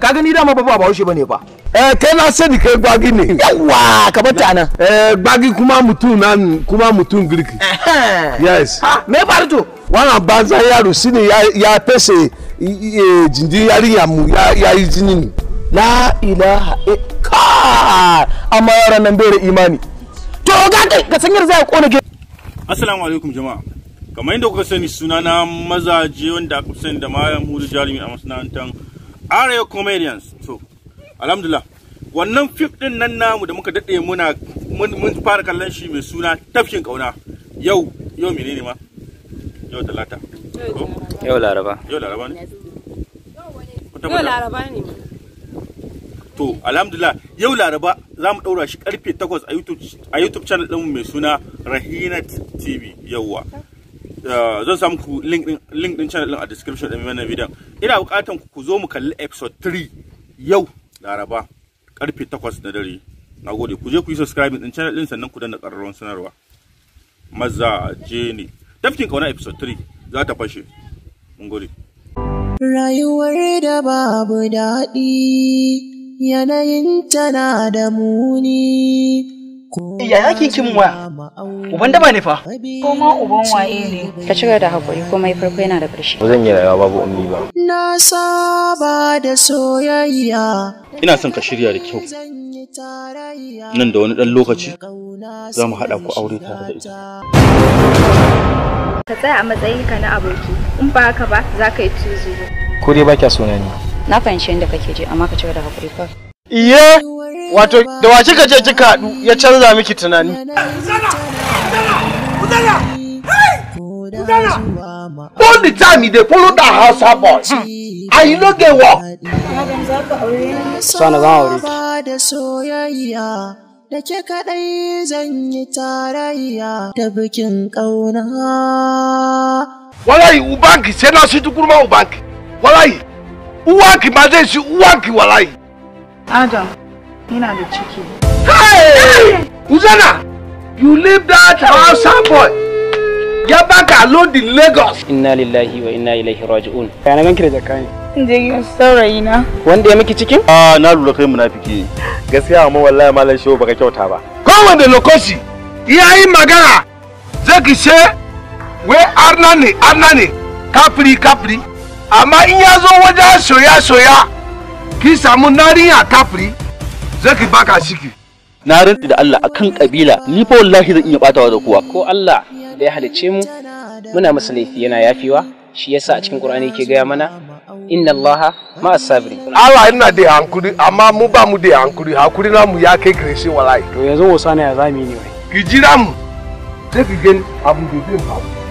ka gani dama ba ba haushe bane fa eh kai na sani kai gwagi ne yawa kaba ta nan eh gwagi kuma mutum nan kuma mutum girki yes me faru to wannan banza yaro shine ya ya fese e, jindin ya mu ya yi jinin la ilaha e, ka amma yaran nan bai imani to ga kai ka yar zai kona ge assalamu alaikum jama'a kamar inda kuka sani sunana mazaje wanda aka da malam hudu jarumi a masana'antar are comedians so alhamdulillah wannan fik din nan namu da muka dade muna mun fara kallon shi mai suna tafshin kauna yau yau menene ma yau talata yau laraba yau laraba ne yau laraba ne to alhamdulillah yau laraba za mu daura shi karfe 8 a youtube a youtube channel din mai suna rahina tv yauwa Eh, zan samu ku link din channel din a description din wannan video ina bukatan ku zo mu kalli episode 3 yau laraba karfe 8 na dare nagode ku je ku yi subscribe din channel din sannan ku danna kararrawar sanarwa maza je ne tafkin kauna episode 3 za ta fashe mun gode rayuwar da babu daɗi yanayin tana da muni Ya yakin kin wa? Uban ba ne fa. Koma uban waye ne? Ka cigaba da hakuri komai farko yana da ƙarshe. Ba zan yi rayuwa babu ummi ba. Na saba da soyayya. Ina son ka shirya da kyau. Nan da wani ɗan lokaci za mu haɗa ku aure tare da ita. Ka tsaya a matsayinka na aboki, in ba haka ba za ka yi tuzuru. Ko dai ba kya sona ni. Na fahimci yadda kake ji amma ka cigaba da hakuri fa. Iya. wato da wa kika je kika haɗu ya canza miki tunani all the time they follow that hausa boy hmm. and he no get work. sana zan aure ki. da ke kaɗai zan yi tarayya ta bikin ƙauna. Walayi ubanki sai na shi tukurma ubanki. Walayi uwanki ma zai shi uwanki walayi. Adam. Yana da ciki. Hey! Uzana! You leave that outside boy! Ya baka alone in Lagos. Inna lillahi wa inna ilaihi raji'un. Kana ganki da jaka ne? Jirgin saurayi na. Wanda ya miki cikin? Ah, na lura kai munafiki. Gaskiya amma wallahi malam shehu baka kyauta ba. Kowanne lokaci yayi magana zaki she we arna ne arna ne kafiri kafiri amma in ya zo wajen soya soya ki samu nariya kafiri zaki baka ciki na rantsi da Allah akan kabila ni fa wallahi zan iya batawa da kowa ko Allah da ya halice mu muna masa laifi yana yafiwa shi yasa a cikin Qur'ani yake gaya mana inna Allah ma sabiri Allah ina da hankuri amma mu ba mu da hankuri hakuri na mu ya kai karshe wallahi to yanzu wasa ne ya zami ne wai ki jira mu sai ki gani abu da zai faru